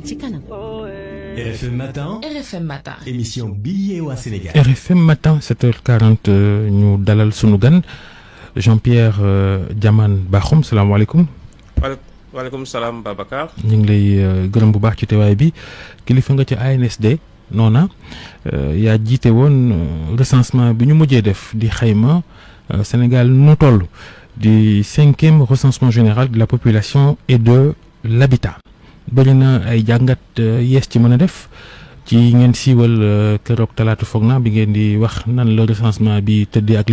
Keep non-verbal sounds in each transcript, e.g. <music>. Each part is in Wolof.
RFM Matin. RFM Matin. émission bi yeewaa Sénégal. RFM Matin 7h40 euh, ñu dalal sunu Jean-Pierre euh, Diamane Bakhoum salaamaaleykum. alaikum. Walaikum Babacar. Babakar. Nous lay euh, gërëm bu baax ci teewaay bi kilifa nga ci ANSD dit yaa le woon recensement bi ñu mujjee def di Sénégal nu toll di cinquième recensement général de la population et de l'habitat bëri na ay jàngat euh, yees ci mën a def ci ngeen siiwal euh, keroog talaatu foog bi ngeen di wax nan la recensement bi tëddee ak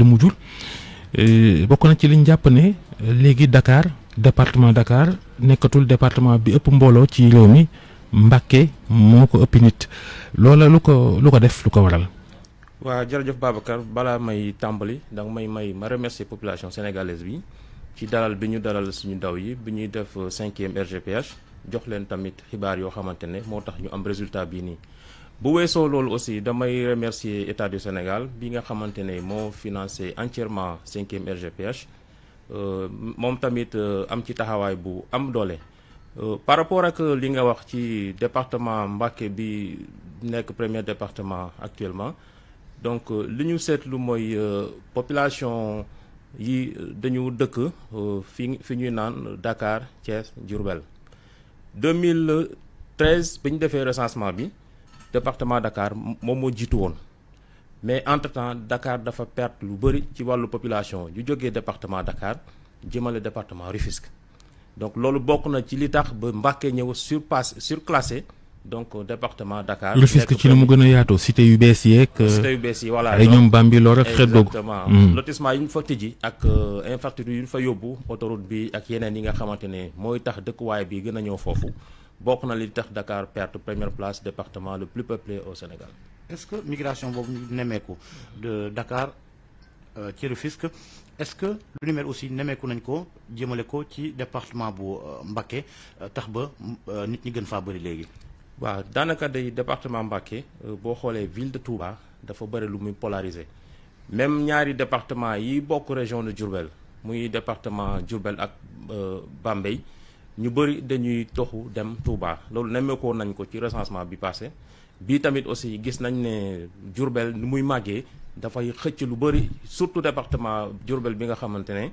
euh, na ci ne Dakar département Dakar nekkatul département bi ëpp mbooloo ci réew mi Mbàkke moo ko ëpp nit loola lu ko lu ko def lu ko waral. waaw jërëjëf Babacar balaa may tàmbali may may ma population sénégalaise bi ci dalal bi ñu dalal suñu ndaw yi bi ñuy RGPH jox leen tamit xibaar yoo xamante ne moo tax ñu am résultat bi nii bu weesoo loolu aussi damay remercier état du Sénégal bi nga xamante ne moo financé entièrement cinquième RGPH euh, moom tamit euh, am ci taxawaay bu am doole. Euh, par rapport ak li nga wax ci département Mbacké bi nekk premier département actuellement donc li ñu seetlu mooy population yi dañu dëkk fi fi ñuy naan Dakar Thiès Diourbel. 2013 bi fait le recensement bi département Dakar Momo jitu won mais entre temps Dakar dafa perte lu bari ci population du joggé département Dakar le département Rufisque donc lolu bokk na ci li tax ba Mbacké ñëw surclassé donc euh, département Dakar. le Rufisque ci li mu gën a yaatoo cité yu bees euh, cité yu voilà ay Bambi Bambilor ak xeet exactement hmm. lotissement yi ñu fa tijji ak euh, infrastructure yu ñu fa yóbbu autoroute bi ak yeneen yi nga xamantene moy mooy tax dëkkuwaay bi gëna a ñëw foofu bokk na li tax Dakar perte première place département le plus peuplé au Sénégal. est-ce que migration bobu ñu de Dakar ci Rufisque est-ce que lu ni aussi nemeeku nañ ko jëmale ko ci département bu Mbacké tax ba nit ñi gën fa bari légui wa danaka day département Mbacké euh, bo xolé ville de Touba dafa bëri lu muy polarisé même ñaari département yi bokk région de Djourbel, muy département Djourbel ak euh, Bambey ñu bëri dañuy toxu dem Touba loolu nemmeekoo nañ ko ci recensement bi passé bi tamit aussi gis nañ né djourbel ni muy màggee dafay xëc lu bëri surtout département Djourbel, bi nga xamante ne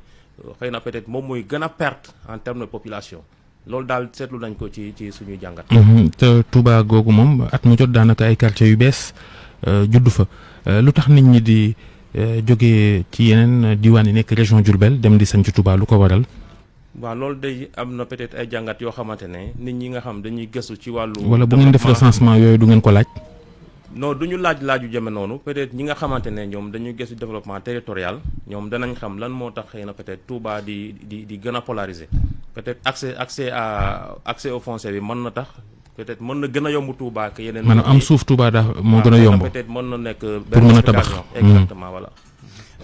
euh, peut-être mom moy gëna a perte en termes de population loolu daal seetlu nañ ko ci ci suñuy jàngat. Mhm. te Touba googu moom at mu jot daanaka ay quartiers yu bees euh, juddu fa euh, lu tax nit ñi di euh, jóge ci yeneen diwaan yi nekk région Diourbel dem di sanc tubaa lu ko waral. waa loolu day am na peut-être ay jàngat yoo xamante ne nit ñi nga xam dañuy gëstu ci wàllu. wala bu ngeen def recensement yooyu du ngeen ko laaj. non du ñu laaj laaju jeme noonu peut-être ñi nga xamante ne ñoom dañu gëstu développement territorial ñoom danañ xam lan moo tax xëy na peut-être Touba di di di gën a polariser peut-être accès accès à accès au bi mën na tax peut-être mën na gën a yomb Touba ak yeneen. am suuf Touba daa moo ah, gën a yomb peut mën na nekk. pour mën a tabax mm-hmm. exactement voilà.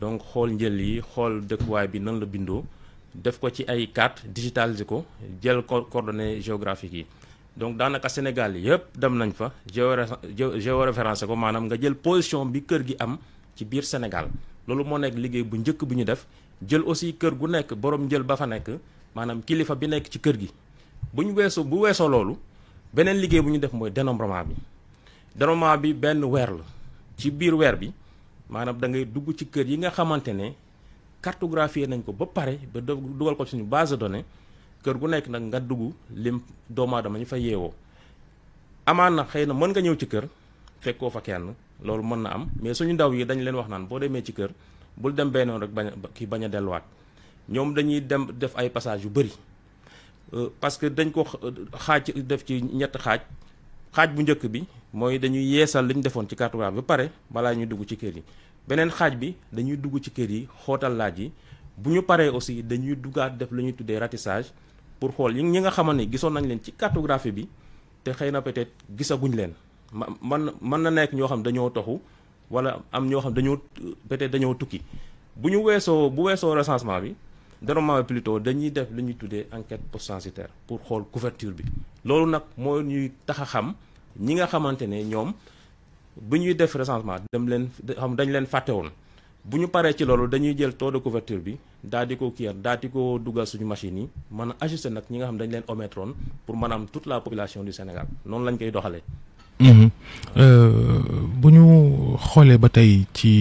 donc xol njël yi xool dëkkuwaay bi nan la bindo def ko ci ay carte digitalisé ko jël coordonnées géographiques yi donc daanaka Sénégal yépp dem nañ fa géoréférencé ko manam nga jël position bi kër gi am ci biir Sénégal loolu moo nekk liggéey bu njëkk bu ñu def jël aussi kër gu nekk borom jël ba fa nekk manam kilifa bi nekk ci kër gi buñ ñu bu weesoo loolu beneen liggéey bu ñu def mooy dénombrement bi dénombrement bi benn weer la ci biir weer bi maanaam da ngay dugg ci kër yi nga xamante ne cartographier nañ ko ba pare ba dugal ko suñu base de données kër gu nekk nag nga dugg lim doomu aadama ñu fa yeewoo amaan na xëy na mën nga ñëw ci kër fekkoo fa kenn loolu mën na am mais suñu ndaw yi dañu leen wax naan boo demee ci kër bul dem bennoon rek bañ ki bañ a delluwaat ñoom dañuy dem def ay passage yu bëri euh, parce que dañ ko xaaj def ci ñett xaaj xaaj bu njëkk bi mooy dañuy yeesal li ñu defoon ci cartographie ba pare balaa ñuy dugg ci kër yi beneen xaaj bi dañuy dugg ci kër yi xootal laaj yi bu ñu paree aussi dañuy duggaat def la ñuy tuddee ratissage pour xool yi ñi nga xamoon ne gisoon nañ leen ci cartographie bi te xëy na peut-être gisaguñ leen ma man mën na nekk ñoo xam dañoo toxu wala am ñoo xam dañoo peut dañoo tukki bu ñu weesoo bu weesoo recensement bi dernièrement plutôt dañuy def li ñuy tuddee enquête post censitaire pour xool couverture bi loolu nag moo ñuy tax a xam ñi nga xamante ne ñoom bu ñuy def recensement dem leen xam dañ leen fàtte woon bu ñu paree ci loolu dañuy jël taux de couverture bi daal di ko kii daal di ko dugal suñu machine yi mën a ajuster nag ñi nga xam dañ leen omettre woon pour maanaam toute la population du Sénégal noonu lañ koy doxalee. Mhm. Euh, bu ñu xoolee ba tey ci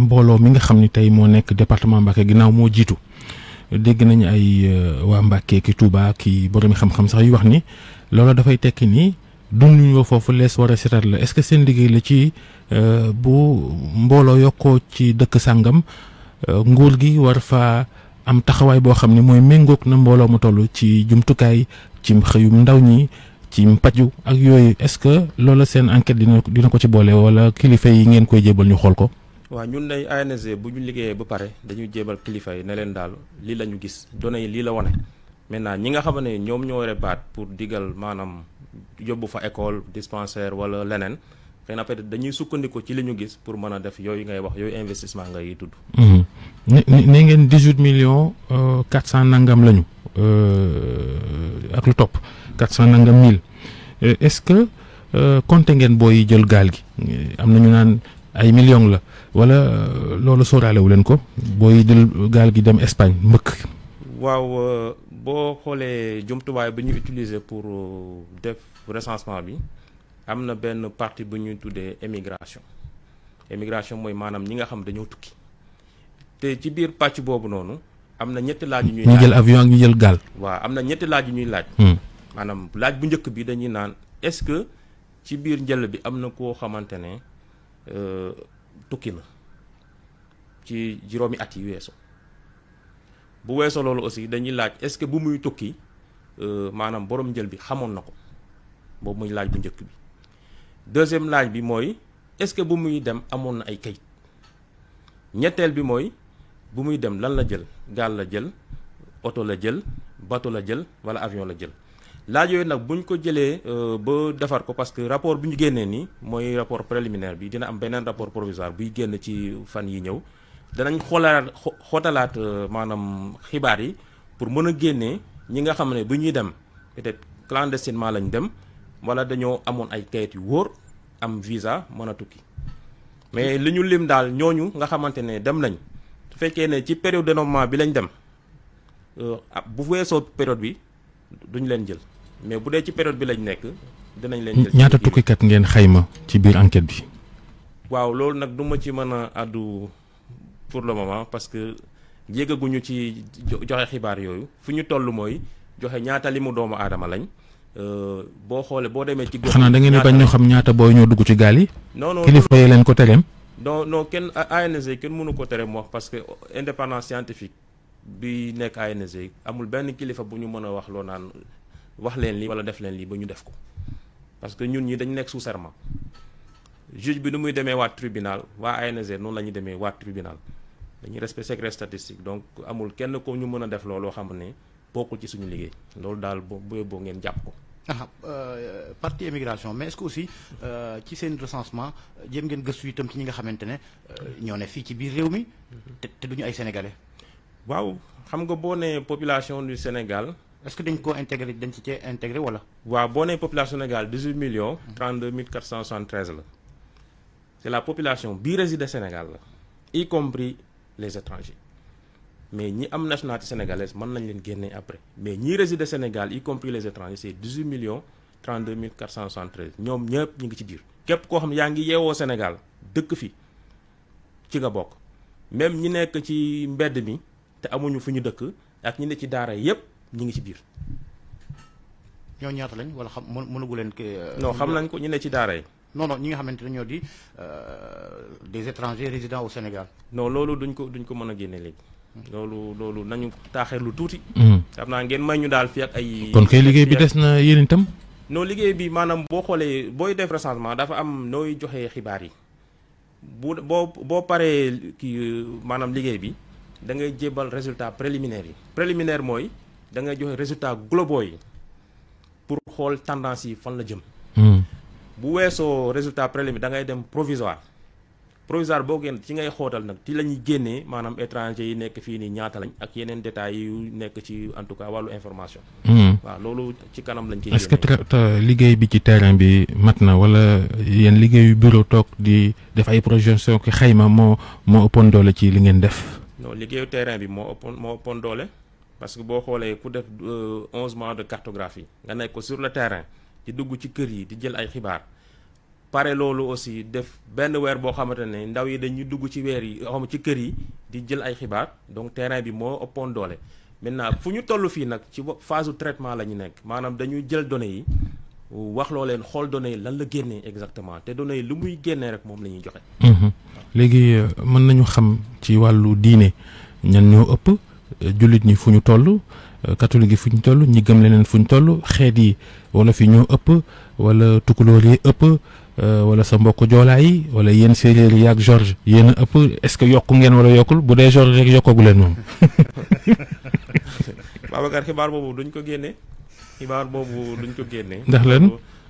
mbooloo mi nga xam ni tey moo nekk département Mbacké ginnaaw moo jiitu dégg nañu ay euh, waa Mbacké ki Touba ki boromi xam-xam sax yu wax ni loolu dafay tekki nii dunduñu ko foofu lees war a setaat la est-ce que seen liggéey la ci euh, bu mbooloo yokkoo ci dëkk sàngam nguur gi war fa am taxawaay boo xam ne mooy méngoog na mbooloo ma tollu ci jumtukaay ci xëyum ndaw ñi. ci mpaju ak yooyu est-ce que loola seen enquête dina dina ko ci boole wala kilifa yi ngeen koy jébal ñu xool ko. waaw ñun day ANSD bu ñu liggéeyee ba pare dañuy jébal kilifa yi ne leen daal lii la gis données yi lii la wane maintenant ñi nga xam ne ñoom ñoo yore baat pour digal maanaam yóbbu fa école dispensaire wala leneen. xëy na peut dañuy sukkandiku ci li ñu gis pour mën a def yooyu ngay wax yooyu investissement ngay tudd. Mhm. ne ngeen dix-huit millions euh, quatre cent nangam lañu euh, ak lu quatre cent nangam mille euh, est-ce que euh, compté ngeen booy jël gaal gi am na ñu naan ay million la wala euh, loolu sóoraale wu leen ko booy jël gaal gi dem Espagne mbëkk. waaw boo xoolee jumtuwaay bi ñuy utiliser pour def recensement bi am na benn partie bu ñuy tuddee émigration émigration mooy maanaam ñi nga xam dañoo tukki te ci biir pàcc boobu noonu am na ñetti laaj yu ñu jël avion ak ñu jël gaal. am na ñetti laaj yu ñuy laaj. Hmm. maanaam laaj bu njëkk bi dañuy naan est-ce que ci biir njël bi am na koo xamante ne euh, tukki na ci juróomi at yi weesu bu weeso loolu aussi dañuy laaj est-ce que bu muy tukki euh, maanaam borom njël bi xamoon na ko boobu muy laaj bu njëkk bi deuxième laaj bi mooy est-ce que bu muy dem amoon na ay kayit ñetteel bi mooy bu muy dem lan la jël gaal la jël oto la jël bato la jël walla avion la jël laaj yooyu nag bu ñu ko jëlee euh, ba defar ko parce que rapport bi ñu génnee nii mooy rapport préliminaire bi dina am beneen rapport provisoire buy génn ci fan yi ñëw danañ xoolaat xootalaat euh, maanaam xibaar yi pour mën a génnee ñi nga xam ne bu ñuy dem peut-être clandestinement lañ dem walla dañoo amoon ay kayit yu wóor am visa mën a tukki mais li ñu lim daal ñooñu nga xamante ne dem nañ su fekkee ne ci période de dénombrement bi lañ dem euh, ah, bu weesoo période bi duñ leen jël mais bu dee ci période bi lañ nekk dinañ leen. ñaata tukkikat ngeen xayma ci biir enquête bi. waaw loolu nag du ma ci mën a àddu pour le moment parce que yéegaguñu ci joxe xibaar yooyu fu ñu toll mooy joxe ñaata li mu doomu aadama lañ euh, boo xoolee boo demee. ci góor xanaa da ngeen bañ ñu xam ñaata booy ñoo dugg ci gaal yi. non non kilifa yi leen ko tereem. non non kenn ANSD kenn mënu ko tereem wax parce que indépendance scientifique bi nekk ANSD amul benn kilifa bu ñu mën a wax loo naan. wax leen li wala def leen li ba ñu def ko parce que ñun ñi dañ nekk sous serment juge bi nu muy demee waa tribunal waa ANZ noonu la ñuy demee waa tribunal dañuy respect secret statistique donc amul kenn ko ñu mën a def looloo xam ne bokkul ci suñu liggéey loolu daal boo boo ngeen jàpp ko. ah euh, partie immigration mais est-ce que aussi euh, ci seen recensement jéem ngeen gëstu itam ci ñi nga xamante ne euh, ñoo ne fii ci biir réew mi te duñu ay sénégalais. waaw xam nga boo nee population du Sénégal est-ce que vous koo intégré dañ ci cee Voilà, wala. population Sénégal 18 millions. 32 473 c'est la population bi réside Sénégal y compris les étrangers. mais ñi am nationalité sénégalaise mën nañ leen après mais ñi réside Sénégal y compris les étrangers c'est 18 millions 32 473 Nous sommes tous ngi ci biir. képp koo xam Sénégal de fi ci nga bok même ñi nek ci mbedd mi té amuñu fuñu ñu ak ñi ne ci daara yépp ñu ngi ci biir. ñoo ñaata lañ wala xam mënagu leen. Euh, noo xam nañ ko ñu ne ci daara yi. non non ñi nga xamante ne ñoo di euh, des étrangers résident au Sénégal. non loolu duñ ko duñ ko mën a génne léegi. loolu loolu nañu taaxeer lu tuuti. Hmm. xam naa ngeen may ñu daal fi ak ay. kon kay liggéey bi des na yéen itam. non liggéey bi maanaam boo xoolee booy def recensement dafa am nooy joxe xibaar yi bu boo boo paree kii maanaam liggéey bi da ngay jébbal résultat préliminaire yi préliminaire mooy. da ngay joxe résultat globaux yi pour xool tendance yi fan la jëm. Hmm. bu weesoo résultat préliminaire da ngay dem provisoire provisoire boo génn ci ngay xootal nag ci la ñuy génnee maanaam étranger yi nekk fii nii ñaata lañ ak yeneen détails yu nekk ci en tout cas wàllu information. Hmm. waaw loolu ci kanam lañ ciy est-ce que liggéey bi ci terrain bi mat na wala yéen liggéeyu bureau toog di def ay projection ki xayma moo moo ëppoon doole ci li ngeen def. non liggéeyu terrain bi moo ëppoon moo ëppoon doole. parce que bo xolé ku def 11 euh, mois de cartographie nga nekk sur le terrain di dugg ci kër yi di jël ay xibaar paré lolu aussi def benn wèr bo xamantene ndaw yi dañu dugg ci wèr yi xam ci kër yi di jël ay xibaar donc terrain bi mo ëppoon doole. maintenant fuñu tollu fi nak ci phase traitement lañu ñu nekk maanaam dañuy jël données yi wax lo leen xol données yi lan la génnee exactement té données yi lu muy génnee rek moom la ñuy joxe. Mhm. légui euh, mën nañu xam ci walu diiné ñan ñoo ëpp. jullit ñi fu ñu toll catholique yi fu ñu toll ñi gëm leneen fu ñu toll xeet yi wala fi ñoo ëpp wala tukulóor yi ëpp euh, wala sa mbokk joolaay yi wala yéen séeréer yi ak George yéen a ëpp est-ce que yokku ngeen wala yokkul bu dee George rek yokkoogu leen moom. <laughs> Babacar xibaar ko génne xibaar boobu duñ ko génne. ndax lan.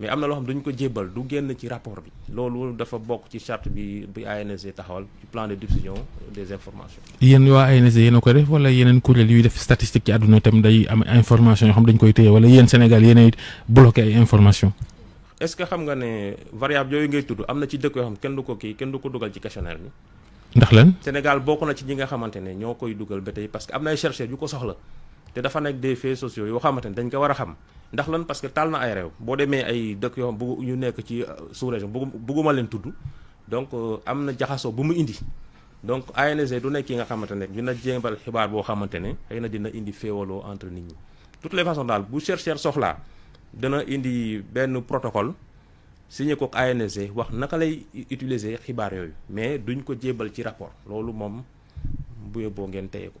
mais amna lo xam dañ ko djébal du génn ci rapport bi loolu dafa bok ci charte bi bi ANSD taxawal ci plan de diffusion des informations. yéen wa ANSD yéen ko def wala yeneen kuréel yu def statistique ci aduna tam day am information yoo xam dañ koy téye wala yéen Sénégal yéenay bloqué information est-ce que xam nga né variable yooyu ngay tuddu amna ci dëkk yoo xam kenn du ko ki kenn du ko dugal ci questionnaire ni ndax lan Sénégal bokk na ci ñi nga xamantene ne ñoo koy dugal ba tey parce que amna ay chercheurs yu ko soxla te dafa nek des faits sociaux yoo xamantene dañ ko wara xam. ndax lan parce que taal na ay réew boo demee ay dëkk yoo xam ñu nekk ci euh, sous-région bëggu bëgguma leen tudd donc euh, am na jaxasoo bu mu indi donc ANG du nekk ki nga xamante ne dina jéebal xibaar boo xamante ne xëy na dina indi féewaloo entre nit ñi. toutes les façons daal bu chercheur soxlaa dana indi benn protocole signé ko ANG wax naka lay utiliser xibaar yooyu mais duñ ko jébal ci rapport loolu moom bu yóbboo ngeen téye ko.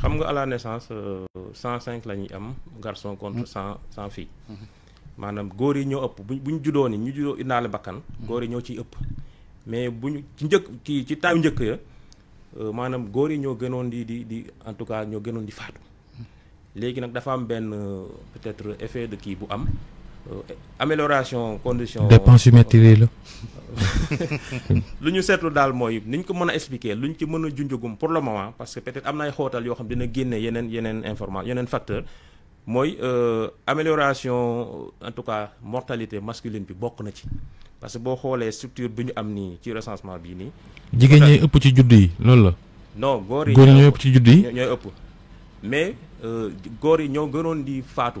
xam nga à la naissance euh, cent cinq la ñuy am garçon contre mm. cent cent filles mm-hmm. maanaam góor yi ñoo ëpp bu ñu juddoo ni ñu juddoo indaale bakkan mm-hmm. góor yi ñoo ciy ëpp mais bu ñu ci njëkk kii ci taaw njëkk ya euh, maanaam góor yi ñoo gënoon di di di en tout cas ñoo gënoon di faatu mm-hmm. léegi nag dafa am benn euh, peut-être effet de kii bu am Euh, amélioration conditions dépenses matériel la <laughs> lu ñu seetlu daal mooy ko mëna expliquer luñ ci mëna a junjugum pour le moment parce que peut-être am na ay xóotal yoo xam dina génne yenen yeneen information yeneen facteur euh, amélioration euh, en tout cas mortalité masculine bi bokk na ci parce que bo xolé structure biñu am ni ci recensement bi ni jigéen ñi ëpp ci judd yi loolu la non góor yi ñooy ëpp ci judd yi ñooy ëpp mais euh, góor yi ñoo gënoon di faatu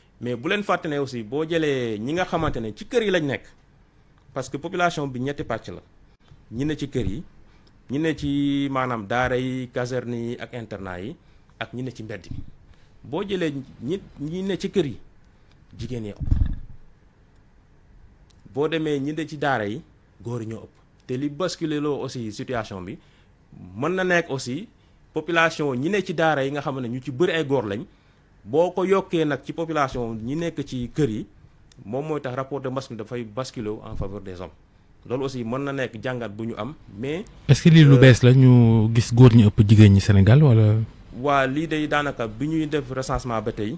mais bu leen fàtte ne aussi boo jëlee ñi nga xamante ne ci kër yi lañ nekk parce que population bi ñetti pàcc la ñi ne ci kër yi ñi ne ci maanaam daara yi caserne yi ak internat yi ak ñi ne ci mbedd bi boo jëlee ñi ñi ne ci kër yi jigéen ñi ëpp boo demee ñi ne ci daara yi góor ñoo ëpp te li basculer loo aussi situation bi mën na nekk aussi population ñi ne ci daara yi nga xam ne ñu ci bëri ay góor lañ boo ko yokkee nag ci population ñi nekk ci kër yi moom mooy tax rapport de masse bi dafay basculer en faveur des hommes loolu aussi mën na nekk jàngat bu ñu am mais. est-ce lu euh, bees la ñu gis góor ñi ëpp jigéen ñi Sénégal wala. waa lii day daanaka bi ñuy def recensement ba tey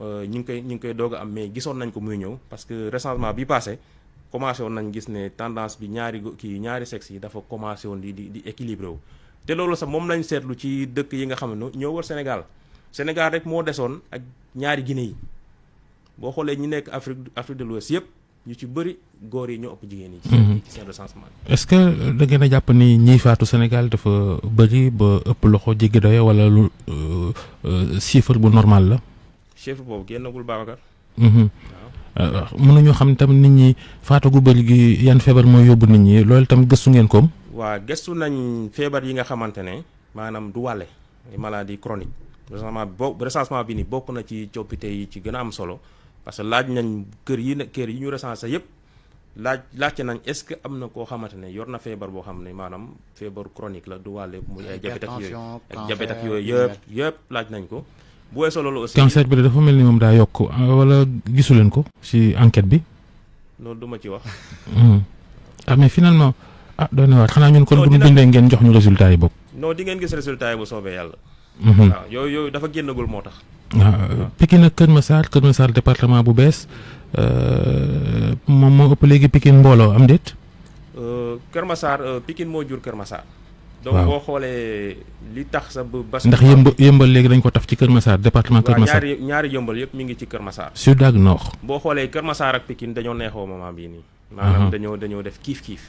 euh, ñu ngi koy ñu ngi koy doog am mais gisoon nañ ko muy ñëw parce que recensement bi passé commencé woon nañ gis ne tendance bi ñaari kii ñaari sexe yi dafa commencé woon di di di équilibré wu. te loolu sax moom lañ seetlu ci dëkk yi nga xam ne ñoo wër Sénégal. Sénégal rek moo desoon ak ñaari Guinée yi boo xoolee ñi nekk Afrique Afrique de l'Ouest yëpp ñu ci bëri góor yi ñoo ëpp jigéen yi. ci seen mhm. recensement est-ce que da a jàpp ni ñiy faatu Sénégal dafa bëri ba ëpp loxo jéggi doye wala lu euh, euh, chiffre bu normal la. chiffre boobu génnagul Babacar. Mhm. waaw euh, mënuñoo xam tam nit ñi faatu gu bëri yan feebar mooy yóbbu nit ñi loolu gëstu ngeen koom. waa gëstu nañ feebar yi nga xamante ne maanaam du wàlle maladie chronique. recensement bo recensement bi ni bokk na ci coppite yi ci gën a am solo parce que laaj nañ kër yi ne kër yi ñu recensé yëpp laaj laajte nañ est-ce que am na koo xamante ne yor na feebar boo xam ne maanaam feebar chronique la du wàlle muy ay jabet ak yooyu yooyu yëpp yëpp laaj nañ ko bu solo loolu aussi cancer bi dafa mel ni moom daa yokk ah, wala gisu leen ko ci enquête bi loolu du ci wax hmm. ah mais finalement ah doy na waat xanaa ñun kon bu ñu bindee ngeen jox ñu résultat yi boobu non di ngeen gis résultat yi bu soobee yàlla Mhm. waaw yooyu yooyu dafa génnagul moo tax. Ah, waaw Pikine ak Kër Massar Kër Massar département bu bees euh, moom moo ëpp léegi Pikine mbooloo am déet. Euh, Kër Massar euh, Pikine moo jur Kër Massar. donc boo xoolee li tax sa bas. ndax yëmb yëmbal léegi dañ ko taf ci Kër Massar département Kër ñaari ñaari yëpp mi ngi ci Kër Massar. su ak nord. boo xoolee Kër Massar ak pikin dañoo neexoo moment bii nii. maanaam dañoo dañoo def kiif kiif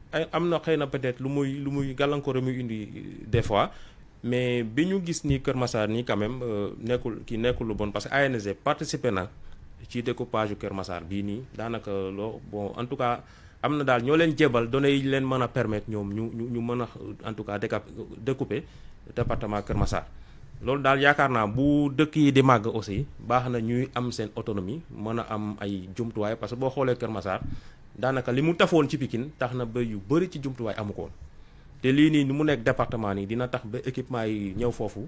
amna xeyna peut-être lu muy lu muy gàllankoor muy indi euh, des fois mais biñu gis ni Kër Massar quand même euh, nekul ki nekul lu bon parce que ANG participé na ci découpage Kër Massar bii nii daanaka loo bon en tout cas amna dal daal ñoo leen jébal données yi leen mën a permettre ñom ñu ñu en tout cas découper département Kër Massar. loolu daal yaakaar bu dekk yi di mag aussi baxna na ñuy am sen autonomie mën a am ay jumtuwaay parce que bo xolé kermassar dans li tafone ci Pikine taxna na de yu bëri ci jumtuwaay way ko té li lii ni mu département ni dina tax be équipement yi ñew fofu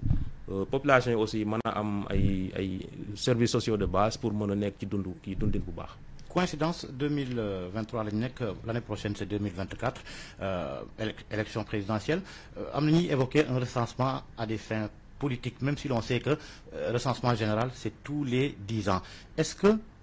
euh, population aussi mën am ay ay services sociaux de base pour mën nek ci dund ki dundin bu baax. coïncidence 2023 l'année prochaine c'est 2024, 2024 euh, élection présidentielle On a évoqué un recensement à des fins politiques même si l'on sait que euh, recensement général c'est tous les 10 ans est-ce que.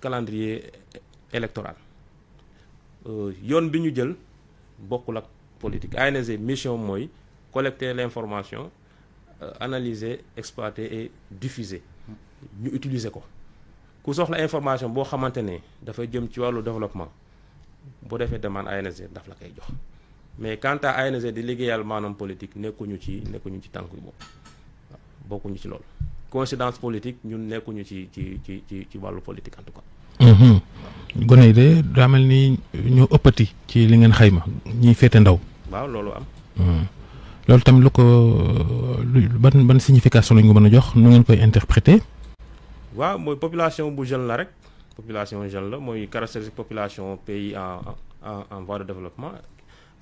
calendrier électoral euh, Yon bi ñu jël politique la mission de collecter l'information euh, analyser exploiter et diffuser nous utiliser ko ku soxla information boo xamante ne dafay jëm ci développement boo defee demande à daf la faire mais quant à ANSD di liggéeyal non politique ne ci nekkuñu ci tànk bopp waaw bokkuñu ci coïncidence politique ñun nekkuñu ci ci ci ci ci wàllu politique en tout cas. Mhm. gone de da mel ni ñoo ëppati ci li ngeen xayma ñi fété ndaw. waaw loolu am. Mhm. loolu tamit lu ko ban ban signification lañ ko mën a jox nu ngeen koy interpréter. waaw mooy population bu jeune la rek population jeune la mooy caractéristique population pays en en en voie de développement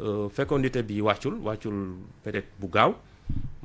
euh, fécondité bi wàccul wàccul peut-être bu gaaw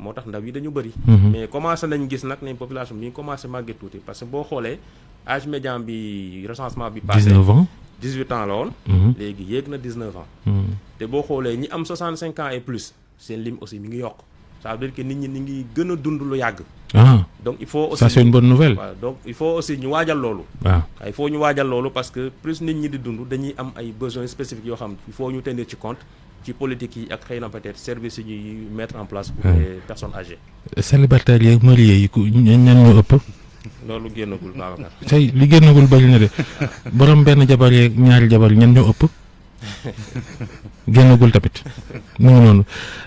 motax ndaw yi dañu bari mhm. mais commencé nañ gis nak ne population bi commencé màggee touti parce que bo xolé âge médian bi recensement bi. passé 19 ans 18 ans la mhm. légui yegg na 19 ans. Mhm. té bo xolé ñi am 65 ans et plus c'est lim aussi mi ngi yok ça veut dire que nit ñi ni ngi gëna dund lu yagg ah. donc il faut aussi ça c'est une bonne nouvelle. donc il faut aussi ñu waajal lolu waaw ah. ah, il faut ñu waajal lolu parce que plus nit ñi di dund dañuy am ay besoins spécifiques yo xam il faut ñu tenir ci compte. ci politique yi ak xëy na peut-être service yi ñuy mettre en place pour hmm. les personnes âgées. célibataires yeeg mariés yi ku ñan ñoo ëpp. loolu génnagul Babacar. <laughs> tey li génnagul bari na de borom benn jabar yeeg ñaari jabar ñan ñoo ëpp. <laughs> génnagul tamit mu ngi noonu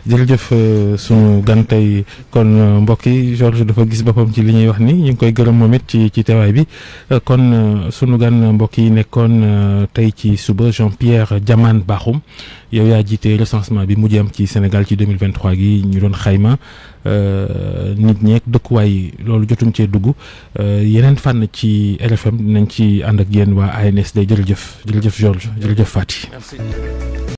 jërëjëf euh, sunu gan tey kon euh, mbokk yi dafa gis boppam ci li ñuy wax ni ñu ngi koy gërëm moom it ci ci teewaay bi euh, kon sunu gan mbokk yi nekkoon tey ci suba Jean Pierre Diamane Bakhoum yow yaa jiite recensement bi mujj am ci Sénégal ci 2023 gi ñu doon xayma nit ñeek dëkkuwaay loolu jotuñ cee dugg yeneen fànn ci RFM nañ ci ànd ak yéen waa ANSD jërëjëf jërëjëf Georges jërëjëf Fati.